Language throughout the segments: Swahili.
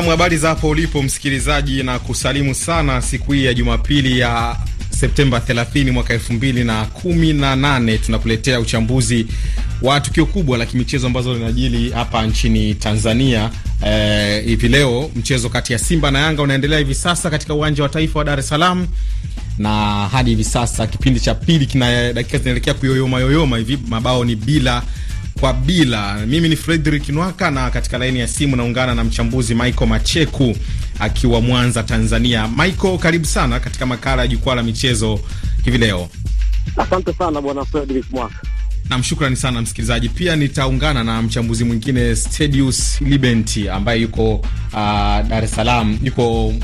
Nam, habari za hapo ulipo msikilizaji, na kusalimu sana siku hii ya Jumapili ya Septemba 30 mwaka 2018. Tunakuletea uchambuzi wa tukio kubwa la kimichezo ambazo linajili hapa nchini Tanzania eh, hivi. E, leo mchezo kati ya Simba na Yanga unaendelea hivi sasa katika uwanja wa taifa wa Dar es Salaam, na hadi hivi sasa kipindi cha pili kina dakika zinaelekea kuyoyoma yoyoma hivi, mabao ni bila kwa bila. Mimi ni Fredrick Nwaka na katika laini ya simu naungana na mchambuzi Michael Macheku akiwa Mwanza, Tanzania. Michael, karibu sana katika makala ya jukwaa la michezo hivi leo. Asante sana bwana Fredrick Mwaka. Nam, shukrani sana msikilizaji. Pia nitaungana na mchambuzi mwingine Stedius Libenti ambaye yuko uh, Dar es Salaam, yuko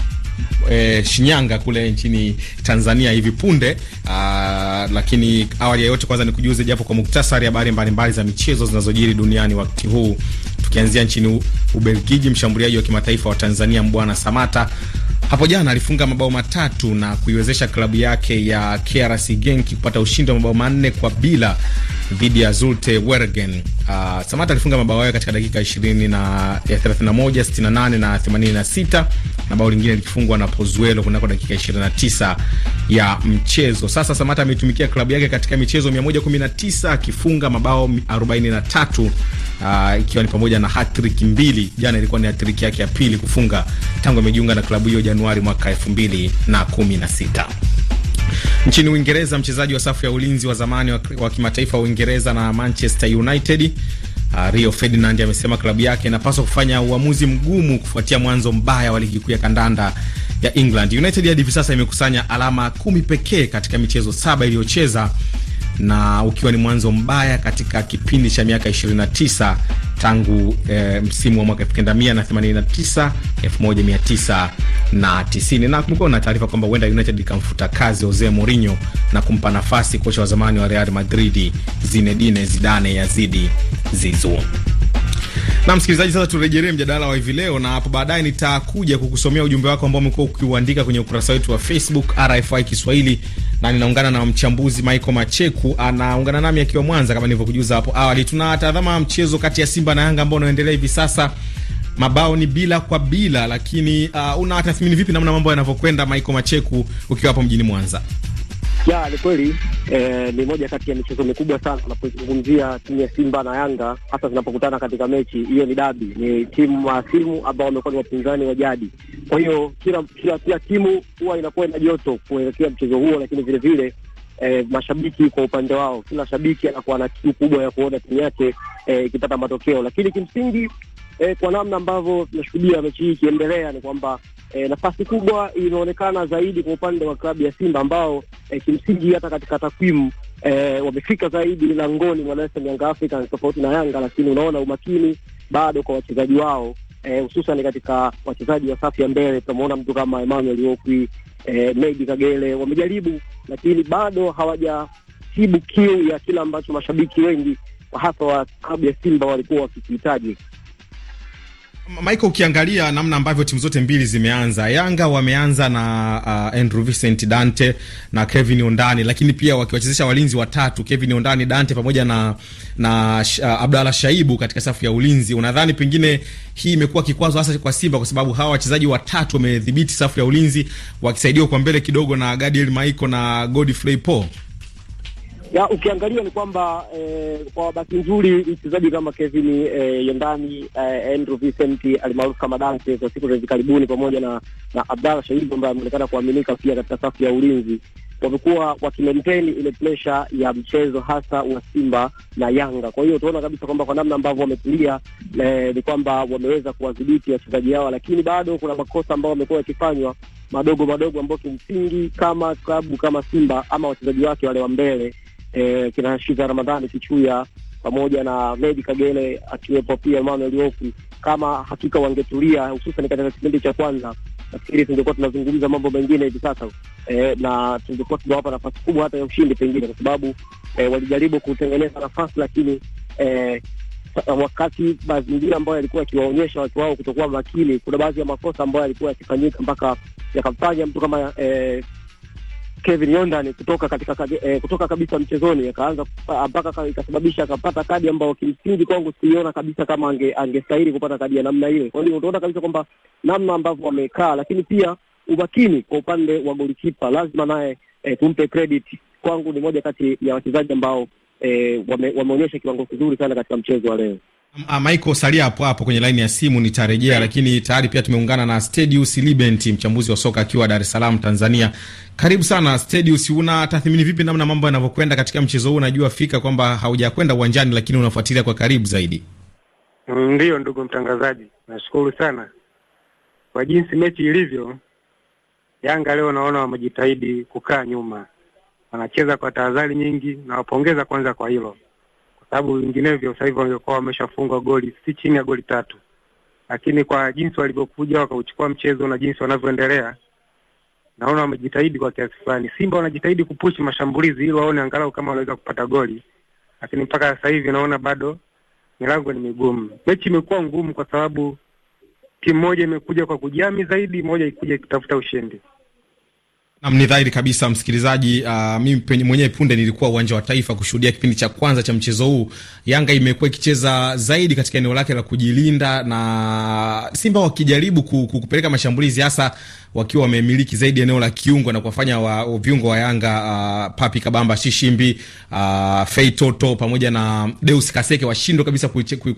e, Shinyanga kule nchini Tanzania hivi punde. Ah, lakini awali ya yote, kwanza nikujuze japo kwa muktasari habari mbalimbali za michezo zinazojiri duniani wakati huu, tukianzia nchini Ubelgiji. Mshambuliaji wa kimataifa wa Tanzania Mbwana Samata hapo jana alifunga mabao matatu na kuiwezesha klabu yake ya KRC Genk kupata ushindi wa mabao manne kwa bila dhidi ya Zulte Wergen. Uh, Samata alifunga mabao yake katika dakika 20 na ya 31, 68 na 86 na bao lingine likifungwa na Pozuelo kunako dakika 29 ya mchezo. Sasa Samata ameitumikia klabu yake katika michezo 119 akifunga mabao 43 Uh, ah, ikiwa ni pamoja na hatrick mbili. Jana ilikuwa ni hatrick yake ya pili kufunga tangu amejiunga na klabu hiyo Januari mwaka 2016. Nchini Uingereza, mchezaji wa safu ya ulinzi wa zamani wa, wa kimataifa wa Uingereza na Manchester United Uh, Rio Ferdinand amesema klabu yake inapaswa kufanya uamuzi mgumu kufuatia mwanzo mbaya wa ligi kuu ya kandanda ya England. United hadi hivi sasa imekusanya alama kumi pekee katika michezo saba iliyocheza na ukiwa ni mwanzo mbaya katika kipindi cha miaka 29 tangu e, msimu wa mwaka 1989 1990. Na kumekuwa na taarifa kwamba huenda United ikamfuta kazi Jose Mourinho na kumpa nafasi kocha wa zamani wa Real Madrid Zinedine Zidane Yazidi Zizou. Na msikilizaji, sasa turejelee mjadala wa hivi leo, na hapo baadaye nitakuja kukusomea ujumbe wako ambao umekuwa ukiuandika kwenye ukurasa wetu wa Facebook RFI Kiswahili na ninaungana na mchambuzi Michael Macheku, anaungana nami akiwa Mwanza. Kama nilivyokujuza hapo awali, tunatazama mchezo kati ya Simba na Yanga ambao unaendelea hivi sasa, mabao ni bila kwa bila, lakini uh, una tathmini vipi namna mambo yanavyokwenda, Michael Macheku, ukiwa hapo mjini Mwanza? Ya, ni kweli eh, ni moja kati ya michezo mikubwa sana unapozungumzia timu ya Simba na Yanga, hasa zinapokutana katika mechi hiyo. Ni dabi, ni timu maasimu ambao wamekuwa ni wapinzani wa jadi. Kwa hiyo kila kila kila timu huwa inakuwa ina joto kuelekea mchezo huo, lakini vile vile E, mashabiki kwa upande wao, kila shabiki anakuwa na kiu kubwa ya kuona timu yake eh, ikipata e, matokeo, lakini kimsingi e, kwa namna ambavyo tunashuhudia mechi hii ikiendelea ni kwamba E, nafasi kubwa imeonekana zaidi kwa upande wa klabu ya Simba ambao e, kimsingi hata katika takwimu e, wamefika zaidi langoni mwa Dar Young Africans tofauti na Yanga, lakini unaona umakini bado kwa wachezaji wao hususan e, katika wachezaji wa safu ya mbele tunamuona mtu kama Emmanuel Okwi, e, Medi Kagere wamejaribu, lakini bado hawajatibu kiu ya kile ambacho mashabiki wengi hasa wa klabu ya Simba walikuwa wakikihitaji. Michael, ukiangalia namna ambavyo timu zote mbili zimeanza, Yanga wameanza na uh, Andrew Vincent Dante na Kevin Ondani, lakini pia wakiwachezesha walinzi watatu Kevin Ondani, Dante pamoja na, na uh, Abdalla Shaibu katika safu ya ulinzi. Unadhani pengine hii imekuwa kikwazo hasa kwa Simba kwa sababu hawa wachezaji watatu wamedhibiti safu ya ulinzi wakisaidiwa kwa mbele kidogo na Gadiel Michael na Godfrey Paul? ya ukiangalia ni kwamba eh, kwa bahati nzuri mchezaji kama Kevin eh, Yendani eh, Andrew Vincent almaarufu kama Dante kwa siku za hivi karibuni, pamoja na na Abdalla Shahibu ambaye ameonekana kuaminika pia katika safu ya ulinzi, wamekuwa wakimaintain ile pressure ya mchezo hasa wa Simba na Yanga. Kwa hiyo utaona kabisa kwamba kwa namna ambavyo wametulia eh, ni kwamba wameweza kuwadhibiti wachezaji hao, lakini bado kuna makosa ambayo wamekuwa wakifanywa madogo madogo ambayo kimsingi kama klabu kama Simba ama wachezaji wake wale wa mbele eh, kina Shika Ramadhani Kichuya pamoja na Medi Kagere akiwepo pia Emmanuel Ofi, Kama hakika wangetulia, hususan katika kipindi cha kwanza, nafikiri tungekuwa tunazungumza mambo mengine hivi sasa eh, na tungekuwa tunawapa nafasi kubwa hata ya ushindi pengine, kwa sababu eh, walijaribu kutengeneza nafasi lakini eh, wakati mazingira ambayo yalikuwa yakiwaonyesha watu wao kutokuwa makini, kuna baadhi ya makosa ambayo yalikuwa yakifanyika mpaka yakamfanya mtu kama eh, Kevin yondani kutoka katika eh, kutoka kabisa mchezoni akaanza ah, mpaka ikasababisha akapata kadi ambayo kimsingi kwangu sikuiona kabisa kama ange, angestahili kupata kadi ya namna ile. Kwa hiyo utaona kabisa kwamba namna ambavyo wamekaa, lakini pia umakini kwa upande wa golikipa lazima naye eh, tumpe credit. Kwangu ni moja kati ya wachezaji ambao eh, wame, wameonyesha kiwango kizuri sana katika mchezo wa leo. Ah, ah, Michael, salia hapo hapo kwenye laini ya simu nitarejea, yeah. Mm. Lakini tayari pia tumeungana na Stadius Libent, mchambuzi wa soka akiwa Dar es Salaam, Tanzania. Karibu sana Stadius, una tathmini vipi namna mambo yanavyokwenda katika mchezo huu? Najua fika kwamba haujakwenda uwanjani, lakini unafuatilia kwa karibu zaidi. Ndiyo ndugu mtangazaji, nashukuru sana kwa jinsi mechi ilivyo. Yanga leo naona wamejitahidi kukaa nyuma, wanacheza kwa tahadhari nyingi, nawapongeza kwanza kwa hilo sababu vinginevyo sasa hivi wangekuwa wameshafungwa goli si chini ya goli tatu, lakini kwa jinsi walivyokuja wakauchukua mchezo na jinsi wanavyoendelea naona wamejitahidi kwa kiasi fulani. Simba wanajitahidi kupushi mashambulizi ili waone angalau kama wanaweza kupata goli, lakini mpaka sasa hivi naona bado milango ni migumu. Mechi imekuwa ngumu kwa sababu timu moja imekuja kwa kujami zaidi, moja ikuja ikitafuta ushindi. Ni dhahiri kabisa msikilizaji, uh, mimi mwenyewe punde nilikuwa uwanja wa Taifa kushuhudia kipindi cha kwanza cha mchezo huu. Yanga imekuwa ikicheza zaidi katika eneo lake la kujilinda na Simba wakijaribu kupeleka mashambulizi hasa wakiwa wamemiliki zaidi eneo la kiungo na kuwafanya wa, viungo wa Yanga uh, Papi Kabamba, Shishimbi, uh, Fei Toto pamoja na Deus Kaseke washindwe kabisa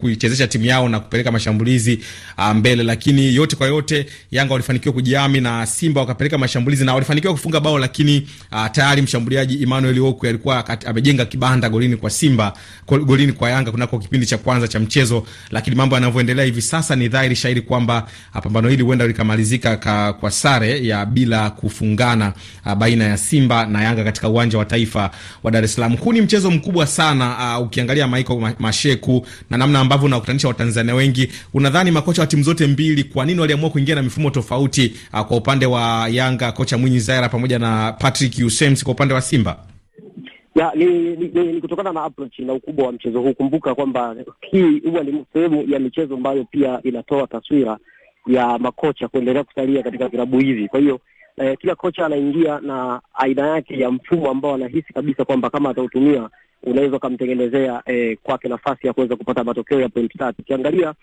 kuichezesha timu yao na kupeleka mashambulizi uh, mbele, lakini yote kwa yote Yanga walifanikiwa kujiami na Simba wakapeleka mashambulizi na walifanikiwa alifanikiwa kufunga bao, lakini uh, tayari mshambuliaji Emmanuel Okwi alikuwa amejenga kibanda golini kwa Simba, golini kwa Yanga kunako kipindi cha kwanza cha mchezo, lakini mambo yanavyoendelea hivi sasa ni dhahiri shahiri kwamba ah, pambano hili huenda likamalizika kwa sare ya bila kufungana uh, baina ya Simba na Yanga katika uwanja wa Taifa wa Dar es Salaam. Huu ni mchezo mkubwa sana uh, ukiangalia Michael Masheku na namna ambavyo unakutanisha Watanzania wengi. Unadhani makocha wa timu zote mbili kwa nini waliamua kuingia na mifumo tofauti? Uh, kwa upande wa Yanga kocha Mwinyi Kagera pamoja na Patrick Usems kwa upande wa Simba? Ya, ni, ni, ni, ni kutokana na approach na ukubwa wa mchezo huu. Kumbuka kwamba hii huwa ni sehemu ya michezo ambayo pia inatoa taswira ya makocha kuendelea kusalia katika vilabu hivi. Kwa hiyo eh, kila kocha anaingia na aina yake ya mfumo ambao anahisi kabisa kwamba kama atautumia unaweza ukamtengenezea eh, kwake nafasi ya kuweza kupata matokeo ya pointi tatu. Ukiangalia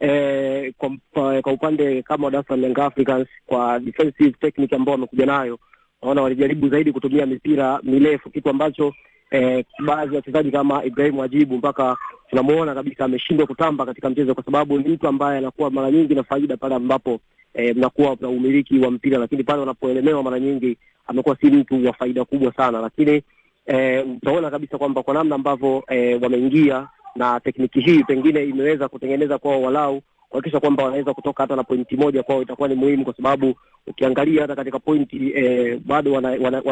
eh, kwa, kwa, kwa upande kama Dar Young Africans kwa defensive technique ambao wamekuja nayo, naona walijaribu zaidi kutumia mipira mirefu, kitu ambacho eh, baadhi ya wachezaji kama Ibrahim Wajibu mpaka tunamuona kabisa ameshindwa kutamba katika mchezo, kwa sababu ni mtu ambaye anakuwa mara nyingi na faida pale ambapo eh, mnakuwa na umiliki wa mpira, lakini pale wanapoelemewa, mara nyingi amekuwa si mtu wa faida kubwa sana, lakini eh, utaona kabisa kwamba kwa namna ambavyo eh, wameingia na tekniki hii pengine imeweza kutengeneza kwao walau kuhakikisha kwamba wanaweza kutoka hata na pointi moja kwao itakuwa ni muhimu, kwa sababu ukiangalia hata katika pointi eh, bado wanaizidi wana,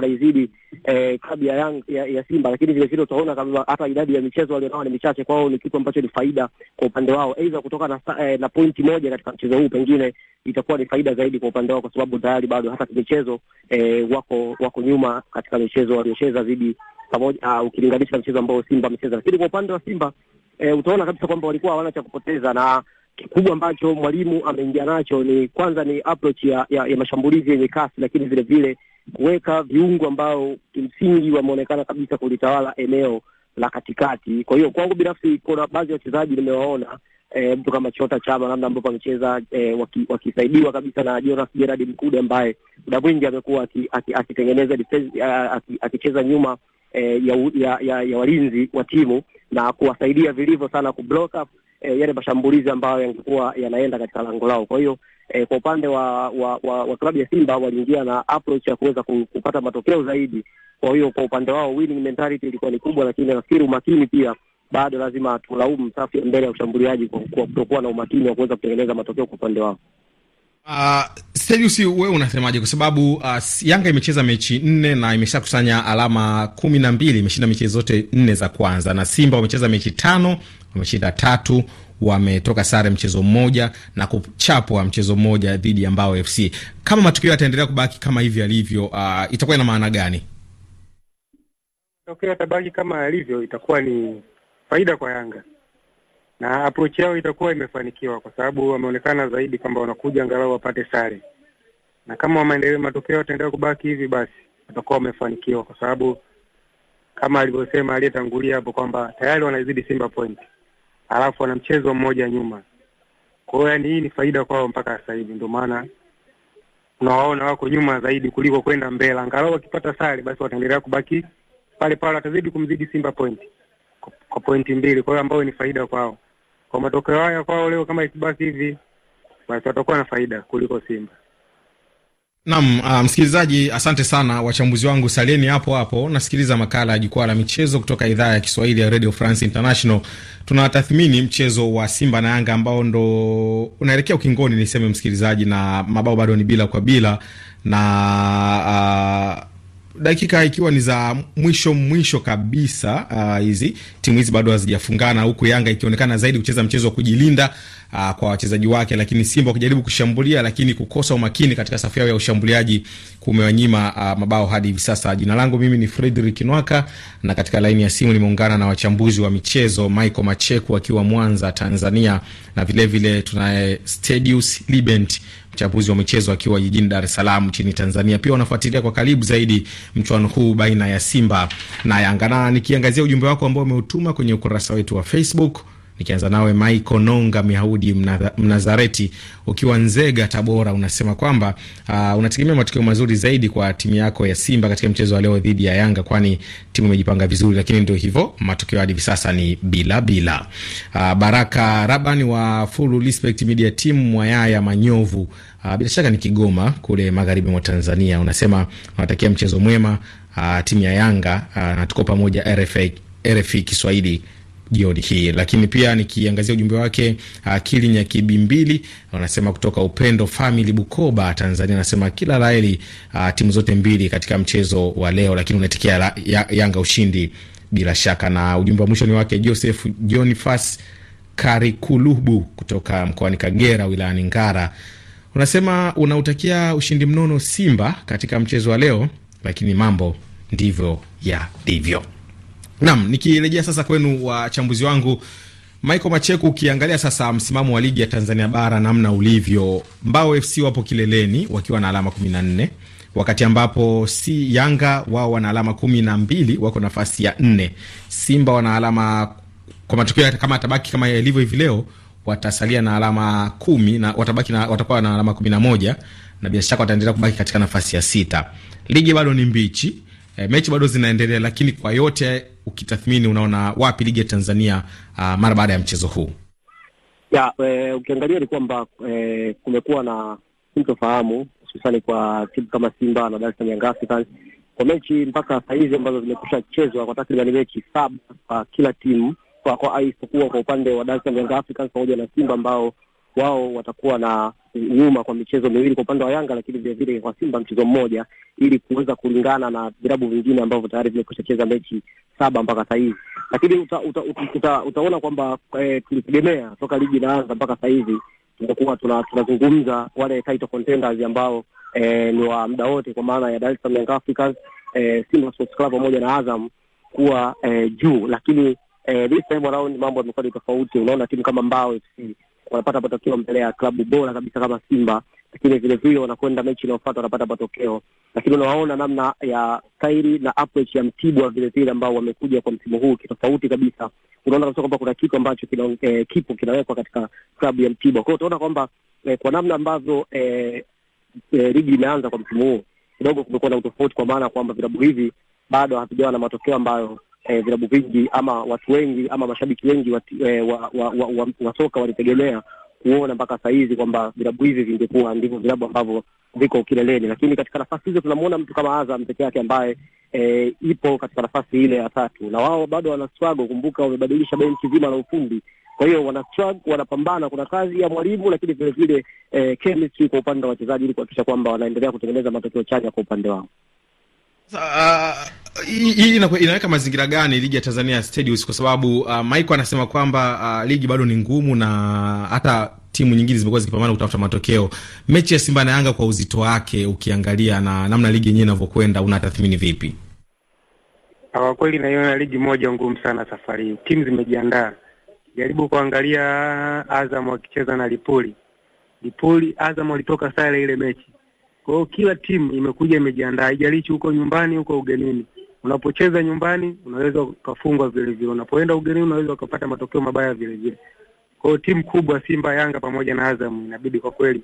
wana eh, klabu ya, ya, ya Simba, lakini vilevile utaona kama hata idadi ya michezo walionao ni michache. Kwao ni kitu ambacho ni faida kwa upande wao, aidha kutoka na, eh, na pointi moja katika mchezo huu pengine itakuwa ni faida zaidi kwa upande wao, kwa sababu tayari bado hata kimichezo eh, wako wako nyuma katika michezo waliocheza dhidi pamoja, uh, ukilinganisha mchezo ambao Simba amecheza. Lakini kwa upande wa Simba eh, utaona kabisa kwamba walikuwa hawana cha kupoteza na kikubwa ambacho mwalimu ameingia nacho ni kwanza ni approach ya, ya, ya mashambulizi yenye kasi, lakini vile vile kuweka viungo ambao kimsingi wameonekana kabisa kulitawala eneo la katikati. Kwa hiyo kwangu binafsi, kuna baadhi ya wachezaji nimewaona e, mtu kama Chota Chama namna ambavyo amecheza e, waki, wakisaidiwa kabisa na Jonas Gerard Mkude ambaye muda mwingi amekuwa akitengeneza akicheza nyuma e, ya, ya, ya, ya walinzi wa timu na kuwasaidia vilivyo sana kublock up eh, yale mashambulizi ambayo yangekuwa yanaenda katika lango lao. Kwa hiyo eh, kwa upande wa wa, wa, wa klabu ya Simba waliingia na approach ya kuweza kupata matokeo zaidi. Kwa hiyo kwa upande wao winning mentality ilikuwa ni kubwa, lakini nafikiri umakini pia bado lazima tulaumu safi ya mbele ya ushambuliaji kwa kutokuwa na umakini wa kuweza kutengeneza matokeo kwa upande wao. Uh, ah, Stelius wewe unasemaje? Kwa sababu uh, Yanga imecheza mechi nne na imeshakusanya alama kumi na mbili, imeshinda mechi zote nne za kwanza, na Simba wamecheza mechi tano wameshinda tatu, wametoka sare mchezo mmoja na kuchapwa mchezo mmoja dhidi ya Mbao FC. Kama matukio yataendelea kubaki kama hivi yalivyo, uh, itakuwa ina maana gani? Matokeo yatabaki kama yalivyo, itakuwa ni faida kwa Yanga na approach yao itakuwa imefanikiwa, kwa sababu wameonekana zaidi kwamba wanakuja angalau wapate sare, na kama matokeo yataendelea kubaki hivi, basi watakuwa wamefanikiwa, kwa sababu kama alivyosema aliyetangulia hapo kwamba tayari wanazidi Simba point alafu ana mchezo mmoja nyuma. Kwa hiyo yani hii ni faida kwao mpaka sasa hivi, ndio maana unawaona wako nyuma zaidi kuliko kwenda mbele. Angalau wakipata sare, basi wataendelea kubaki pale pale, watazidi kumzidi Simba pointi kwa pointi mbili, kwa hiyo ambayo ni faida kwao. Kwa matokeo haya kwao leo, kama ikibaki hivi, basi watakuwa na faida kuliko Simba nam uh, msikilizaji, asante sana wachambuzi wangu, salieni hapo hapo. Nasikiliza makala ya Jukwaa la Michezo kutoka idhaa ya Kiswahili ya Radio France International. Tunatathmini mchezo wa Simba na Yanga ambao ndo unaelekea ukingoni, niseme msikilizaji, na mabao bado ni bila kwa bila na uh, dakika ikiwa ni za mwisho mwisho kabisa ah, hizi uh, timu hizi bado hazijafungana, huku Yanga ikionekana zaidi kucheza mchezo wa kujilinda uh, kwa wachezaji wake, lakini Simba wakijaribu kushambulia, lakini kukosa umakini katika safu yao ya ushambuliaji kumewanyima uh, mabao hadi hivi sasa. Jina langu mimi ni Fredrick Nwaka, na katika laini ya simu nimeungana na wachambuzi wa michezo Michael Macheku akiwa Mwanza, Tanzania, na vilevile tunaye Stadius Libent mchambuzi wa michezo akiwa jijini Dar es Salaam nchini Tanzania. Pia wanafuatilia kwa karibu zaidi mchuano huu baina ya Simba na Yanga, na nikiangazia ujumbe wako ambao umeutuma kwenye ukurasa wetu wa Facebook. Nikianza nawe Maiko Nonga Mihaudi Mnazareti ukiwa Nzega, Tabora, unasema kwamba uh, unategemea matokeo mazuri zaidi kwa timu yako ya Simba katika mchezo wa leo dhidi ya Yanga, kwani timu imejipanga vizuri, lakini ndio hivyo, matokeo hadi hivi sasa ni bila bila. Uh, Baraka Rabani wa Full Respect Media Team Mwayaya Manyovu Uh, bila shaka ni Kigoma kule magharibi mwa Tanzania. Unasema unatakia mchezo mwema, uh, timu ya Yanga uh, na tuko pamoja RFA, RFA Kiswahili jioni hii. Lakini pia nikiangazia ujumbe wake Akili uh, Nyakibimbili, wanasema kutoka Upendo Family Bukoba, Tanzania, anasema kila laheri uh, timu zote mbili katika mchezo wa leo, lakini unatikia la, ya, Yanga ushindi bila shaka. Na ujumbe wa mwisho ni wake Joseph Jonifas Karikulubu kutoka mkoani Kagera wilayani Ngara, unasema unautakia ushindi mnono Simba katika mchezo wa leo, lakini mambo ndivyo yalivyo. Naam, nikirejea sasa kwenu wachambuzi wangu Michael Macheku, ukiangalia sasa msimamo wa ligi ya Tanzania bara namna ulivyo, Mbao FC wapo kileleni wakiwa na alama 14 wakati ambapo si Yanga wao wana alama kumi na mbili, wako nafasi ya nne. Simba wana alama kwa matokeo kama atabaki kama yalivyo hivi leo, watasalia na alama kumi na watabaki na watakuwa na alama kumi na moja na bila shaka wataendelea kubaki katika nafasi ya sita. Ligi bado ni mbichi, e, mechi bado zinaendelea, lakini kwa yote ukitathmini, unaona wapi ligi ya Tanzania uh, mara baada ya mchezo huu? Ya, e, ukiangalia ni kwamba e, kumekuwa na sintofahamu hususani kwa timu kama Simba na Dar es Salaam Africans kwa mechi mpaka saa hizi ambazo zimekusha chezwa kwa takribani mechi saba kwa kila timu, kwa isipokuwa kwa, kwa upande wa Dar es Salaam Africans pamoja na Simba ambao wao watakuwa na nyuma kwa michezo miwili kwa upande wa Yanga, lakini vilevile kwa Simba mchezo mmoja, ili kuweza kulingana na vilabu vingine ambavyo tayari vimekwisha cheza mechi saba mpaka sasa hivi. Lakini uta, uta, uta, uta, utaona kwamba eh, tulitegemea toka ligi inaanza mpaka sasa hivi tutakuwa tunazungumza wale title contenders ambao eh, ni wa muda wote kwa maana ya Dar es Salaam Young Africans, eh, Simba Sports Club pamoja na Azam kuwa eh, juu, lakini eh, this time around mambo yamekuwa ni tofauti. Unaona timu kama Mbao FC wanapata matokeo mbele ya klabu bora kabisa kama Simba, lakini vile vile wanakwenda mechi inayofuata wanapata matokeo. Lakini unawaona namna ya staili na approach ya Mtibwa vile vile ambao wamekuja kwa msimu huu kitofauti kabisa. Unaona kabisa kwamba kuna kitu ambacho kina, eh, kipo kinawekwa katika klabu ya Mtibwa. Kwa hiyo utaona kwamba eh, kwa namna ambavyo eh, eh, ligi imeanza kwa msimu huu kidogo kumekuwa na utofauti, kwa maana ya kwamba vilabu hivi bado havijawa na matokeo ambayo eh, vilabu vingi ama watu wengi ama mashabiki wengi wat, eh, wa, wa, wa, wa, wa soka walitegemea kuona mpaka sahizi kwamba vilabu hivi vingekuwa ndivyo vilabu ambavyo viko kileleni, lakini katika nafasi hizo tunamwona mtu kama Azam peke yake ambaye E, ipo katika nafasi ile ya tatu, na wao bado wanaswago. Kumbuka wamebadilisha benchi zima la ufundi kwa hiyo wanaswag wanapambana. Kuna kazi ya mwalimu, lakini vile vile e, chemistry kwa upande wa wachezaji, ili kuhakikisha kwamba wanaendelea kutengeneza matokeo chanya kwa upande wao. Ah, hii inaweka mazingira gani ligi ya Tanzania Stadiums? Kwa sababu uh, Mike anasema kwamba uh, ligi bado ni ngumu na hata timu nyingine zimekuwa zikipambana kutafuta matokeo. Mechi ya Simba na Yanga kwa uzito wake, ukiangalia na namna ligi yenyewe inavyokwenda, unatathmini vipi? Ah, kwa kweli naiona ligi moja ngumu sana safari hii. Timu zimejiandaa, jaribu kuangalia uh, Azam wakicheza na Lipuli. Lipuli Azam walitoka sare ile mechi. Kwa hiyo kila timu imekuja imejiandaa, haijalishi huko nyumbani, huko ugenini. Unapocheza nyumbani unaweza ukafungwa vile vile, unapoenda ugenini unaweza ukapata matokeo mabaya vile vile. Kwa hiyo timu kubwa Simba, Yanga pamoja na Azam inabidi kwa kweli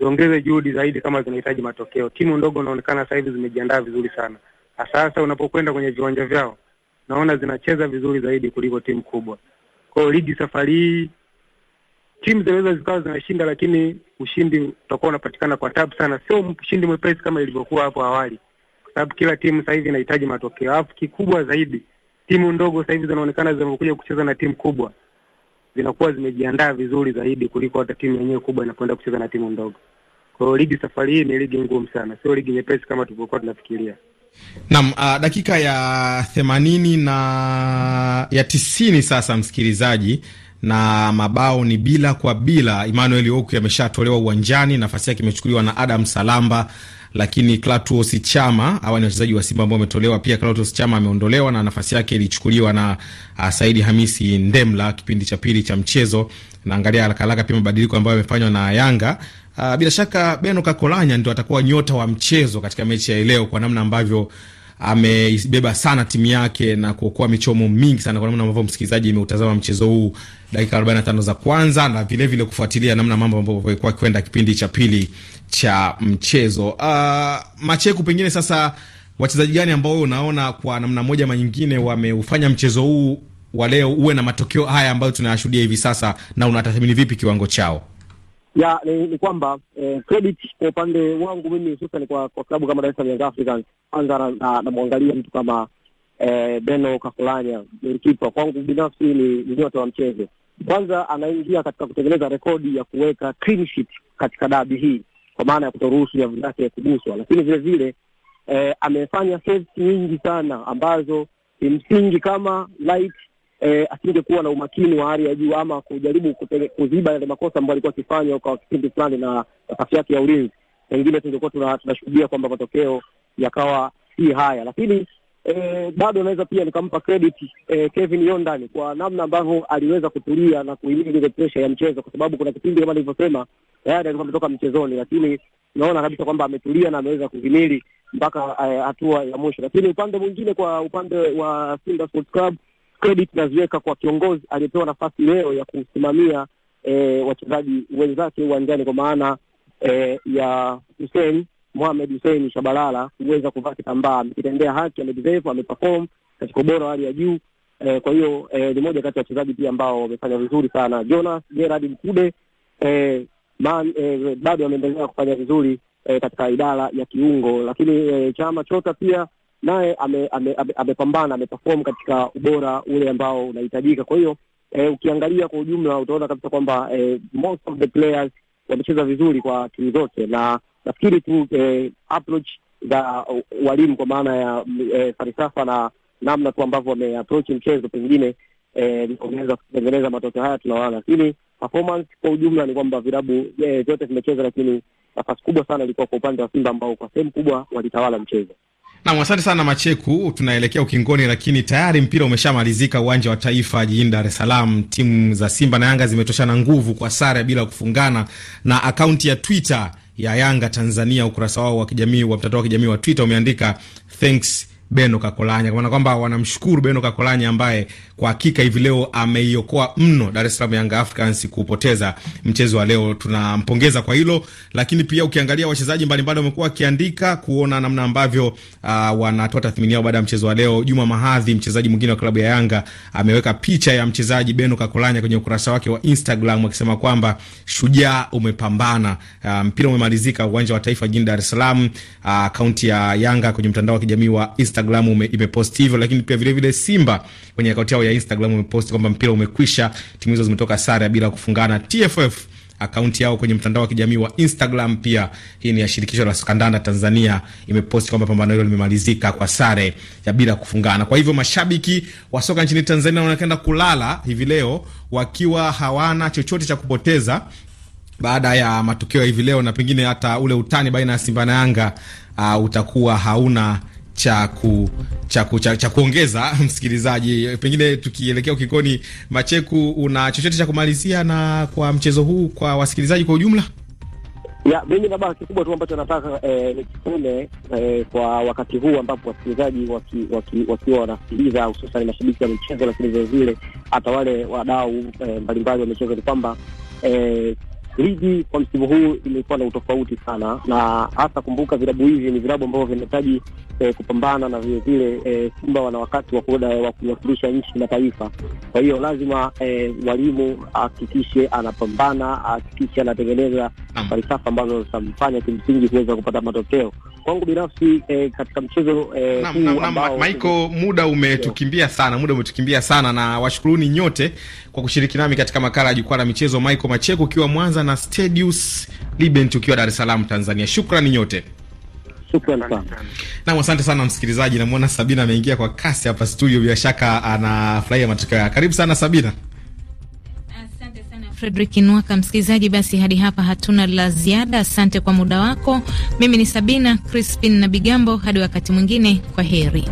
ziongeze juhudi zaidi kama zinahitaji matokeo. Timu ndogo inaonekana sasa hivi zimejiandaa vizuri sana, hasahasa unapokwenda kwenye viwanja vyao naona zinacheza vizuri zaidi kuliko timu kubwa. Kwa hiyo ligi safari hii timu zinaweza zikawa zinashinda, lakini ushindi utakuwa unapatikana kwa tabu sana, sio ushindi mwepesi kama ilivyokuwa hapo awali sababu kila timu sasa hivi inahitaji matokeo, alafu kikubwa zaidi timu ndogo sasa hivi zinaonekana zinavyokuja kucheza na timu kubwa zinakuwa zimejiandaa vizuri zaidi kuliko hata timu yenyewe kubwa inapoenda kucheza na timu ndogo. Kwa hiyo ligi safari hii ni ligi ngumu sana, sio ligi nyepesi kama tulivyokuwa tunafikiria. Naam, uh, dakika ya themanini na ya tisini sasa, msikilizaji, na mabao ni bila kwa bila. Emmanuel Oku ameshatolewa uwanjani, nafasi yake imechukuliwa na Adam Salamba lakini Clatous Chama, hawa ni wachezaji wa Simba ambao wametolewa. Pia Clatous Chama ameondolewa na nafasi yake ilichukuliwa na uh, Saidi Hamisi Ndemla kipindi cha pili cha mchezo. Naangalia haraka haraka pia mabadiliko ambayo yamefanywa na Yanga. Uh, bila shaka Beno Kakolanya ndio atakuwa nyota wa mchezo katika mechi ya leo kwa namna ambavyo amebeba sana timu yake na kuokoa michomo mingi sana, kwa namna ambavyo msikilizaji imeutazama mchezo huu dakika 45 za kwanza na vilevile kufuatilia namna mambo ambavyo yalikuwa kwenda kipindi cha pili cha mchezo. Uh, Macheku, pengine sasa wachezaji gani ambao unaona kwa namna moja ama nyingine wameufanya mchezo huu wa leo uwe na matokeo haya ambayo tunayashuhudia hivi sasa, na unatathmini vipi kiwango chao? Ya, ni, ni kwamba eh, credit kwa upande wangu mimi hususan kwa kwa klabu kama Dar es Salaam Africans, kwanza namwangalia na, na mtu kama eh, Beno Kakolanya golikipa, kwangu binafsi ni, ni nyota wa mchezo. Kwanza anaingia katika kutengeneza rekodi ya kuweka clean sheet katika dabi hii kwa maana ya kutoruhusu nyavu zake kuguswa, lakini vile vile eh, amefanya saves nyingi sana ambazo ni msingi kama light e, asingekuwa na umakini wa hali ya juu ama kujaribu kuziba yale makosa ambayo alikuwa akifanya kwa kipindi fulani na nafasi yake ya ulinzi, pengine tungekuwa tunashuhudia kwamba matokeo yakawa si haya, lakini e, bado naweza pia nikampa credit e, Kevin Yondani kwa namna ambavyo aliweza kutulia na kuhimili ile pressure ya mchezo, kwa sababu kuna kipindi kama nilivyosema tayari alikuwa ametoka mchezoni, lakini naona kabisa kwamba ametulia na ameweza kuhimili mpaka eh, hatua ya mwisho. Lakini upande mwingine, kwa upande wa Simba Sports Club, credit naziweka kwa kiongozi aliyepewa nafasi leo ya kusimamia e, wachezaji wenzake uwanjani kwa maana e, ya Hussein Mohamed Hussein Shabalala kuweza kuvaa kitambaa. Amekitendea haki, amedeserve, ameperform katika ubora wa hali ya juu. E, kwa hiyo e, ni moja kati ya wachezaji pia ambao wamefanya vizuri sana. Jonas Gerard Mkude e, man, eh, bado wameendelea kufanya vizuri eh, katika idara ya kiungo, lakini eh, chama chota pia naye amepambana ame, ame ameperform katika ubora ule ambao unahitajika. Kwa hiyo eh, ukiangalia kwa ujumla utaona kabisa kwamba eh, most of the players wamecheza vizuri kwa timu zote, na nafikiri tu eh, approach za walimu kwa maana ya eh, falsafa na namna tu ambavyo wameapproach mchezo pengine eh, wameweza kutengeneza matokeo haya tunaona, lakini performance kwa ujumla ni kwamba vilabu yeah, vyote vimecheza, lakini nafasi kubwa sana ilikuwa kwa upande wa Simba ambao kwa sehemu kubwa walitawala mchezo. Nam, asante sana Macheku, tunaelekea ukingoni, lakini tayari mpira umeshamalizika uwanja wa Taifa jijini Dar es Salaam. Timu za Simba na Yanga zimetoshana nguvu kwa sare bila kufungana, na akaunti ya Twitter ya Yanga Tanzania, ukurasa wao wa kijamii wa mtandao wa kijamii wa Twitter umeandika thanks Beno Kakolanya, kwa maana kwamba wanamshukuru Beno Kakolanya ambaye kwa hakika hivi leo ameiokoa mno Dar es Salaam Yanga Africans kupoteza mchezo wa leo. Tunampongeza kwa hilo, lakini pia ukiangalia wachezaji mbalimbali wamekuwa wakiandika kuona namna ambavyo uh, wanatoa tathmini yao baada ya mchezo wa leo. Juma Mahadhi, mchezaji mwingine wa klabu ya Yanga, ameweka picha ya mchezaji Beno Kakolanya kwenye ukurasa wake wa Instagram akisema kwamba shujaa umepambana, uh, mpira umemalizika uwanja wa Taifa jijini Dar es Salaam. Akaunti uh, ya Yanga kwenye mtandao wa kijamii wa Instagram Instagram ume, imeposti hivyo, lakini pia vile vile Simba kwenye akaunti yao ya Instagram umeposti kwamba mpira umekwisha, timu hizo zimetoka sare bila kufungana. TFF akaunti yao kwenye mtandao wa kijamii wa Instagram pia, hii ni ya shirikisho la sukandanda Tanzania, imeposti kwamba pambano hilo limemalizika kwa sare ya bila kufungana. Kwa hivyo mashabiki wa soka nchini Tanzania wanakwenda kulala hivi leo wakiwa hawana chochote cha kupoteza baada ya matukio ya hivi leo, na pengine hata ule utani baina ya Simba na Yanga uh, utakuwa hauna cha ku cha, cha, cha kuongeza msikilizaji, pengine tukielekea ukikoni, Macheku, una chochote cha kumalizia na kwa mchezo huu kwa wasikilizaji kwa ujumla? Ya, mimi baba, kikubwa tu ambacho nataka eh, nikiseme eh, kwa wakati huu ambapo wasikilizaji wakiwa waki, waki wanasikiliza hususan mashabiki wa michezo, lakini vilevile hata wale wadau eh, mbalimbali wa michezo ni kwamba eh, ligi kwa msimu huu imekuwa na utofauti sana, na hasa kumbuka vilabu hivi ni vilabu ambavyo vinahitaji eh, kupambana na vilevile eh, Simba wana wakati wa kuwakilisha nchi na taifa. Kwa hiyo lazima eh, mwalimu ahakikishe anapambana, ahakikishe anatengeneza falsafa ambazo zitamfanya kimsingi kuweza kupata matokeo kwangu binafsi eh, katika mchezo eh, na, ambao Michael, muda umetukimbia sana, muda umetukimbia sana, na washukuruni nyote kwa kushiriki nami katika makala ya jukwaa la michezo. Michael Macheko ukiwa Mwanza na Stadius Libent ukiwa Dar es Salaam Tanzania, shukrani nyote. Nam, asante sana msikilizaji. Namwona Sabina ameingia kwa kasi hapa studio, bila shaka anafurahia matokeo haya. Karibu sana Sabina. Fredrik Nwaka. Msikilizaji, basi hadi hapa hatuna la ziada. Asante kwa muda wako. Mimi ni Sabina Crispin na Bigambo. Hadi wakati mwingine, kwa heri.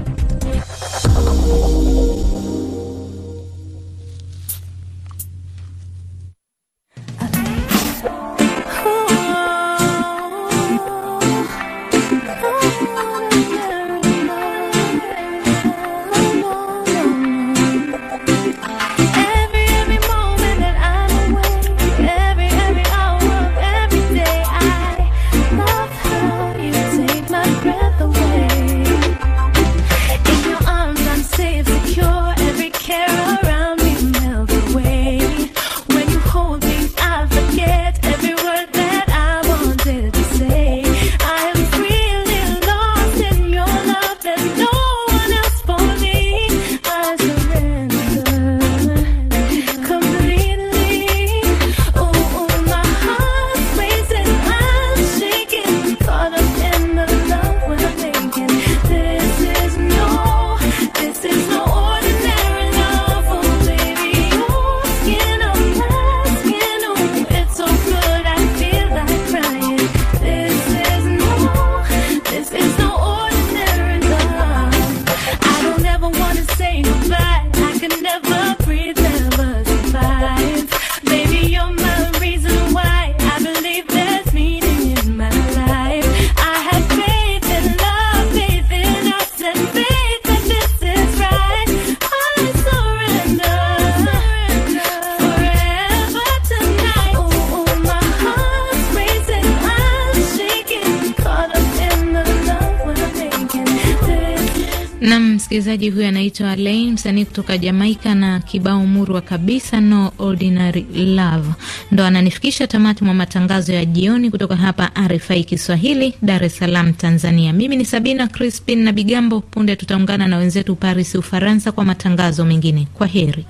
Msikilizaji huyu anaitwa Lain, msanii kutoka Jamaika, na kibao murwa kabisa No Ordinary Love ndo ananifikisha tamati mwa matangazo ya jioni kutoka hapa RFI Kiswahili, Dar es Salaam, Tanzania. Mimi ni Sabina Crispin na Bigambo. Punde tutaungana na wenzetu Paris, Ufaransa, kwa matangazo mengine. Kwa heri.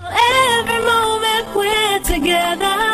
Every moment we're together.